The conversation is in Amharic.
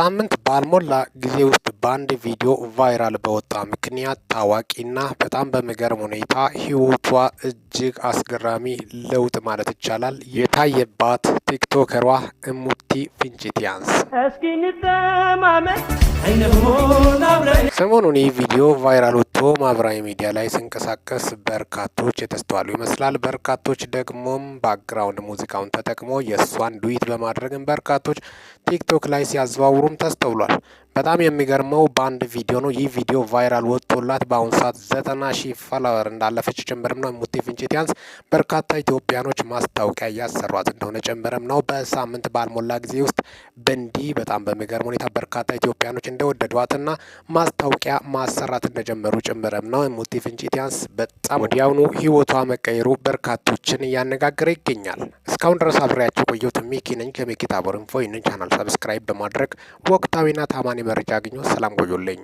ሳምንት ባልሞላ ጊዜ ውስጥ በአንድ ቪዲዮ ቫይራል በወጣ ምክንያት ታዋቂና በጣም በሚገርም ሁኔታ ህይወቷ እጅግ አስገራሚ ለውጥ ማለት ይቻላል የታየባት ቲክቶከሯ እሙቲ ፍንጭቲያንስ እስኪ እንጠማመን እንሆና ሰሞኑን ይህ ቪዲዮ ቫይራል ወጥቶ ማህበራዊ ሚዲያ ላይ ሲንቀሳቀስ በርካቶች የተስተዋሉ ይመስላል። በርካቶች ደግሞም ባክግራውንድ ሙዚቃውን ተጠቅሞ የእሷን ዱዊት በማድረግም በርካቶች ቲክቶክ ላይ ሲያዘዋውሩም ተስተውሏል። በጣም የሚገርመው በአንድ ቪዲዮ ነው። ይህ ቪዲዮ ቫይራል ወጥቶላት በአሁኑ ሰዓት ዘጠና ሺህ ፎሎወር እንዳለፈች ጭምርም ነው። ሙቲ ፊንጭቲያንስ በርካታ ኢትዮጵያኖች ማስታወቂያ እያሰሯት እንደሆነ ጭምርም ነው። በሳምንት ባልሞላ ጊዜ ውስጥ በእንዲህ በጣም በሚገርም ሁኔታ በርካታ ኢትዮጵያኖች እንደወደዷትና ማስታወቂያ ማሰራት እንደጀመሩ ጭምርም ነው። ሙቲ ፊንጭቲያንስ በጣም ወዲያውኑ ህይወቷ መቀየሩ በርካቶችን እያነጋገረ ይገኛል። እስካሁን ድረስ አብሬያቸው ቆየሁት። ሚኪ ነኝ ከሚኪ ታቦር ኢንፎ። ይህንን ቻናል ሰብስክራይብ በማድረግ ወቅታዊና ታማኒ የመረጃ ሰላም ቆዩልኝ።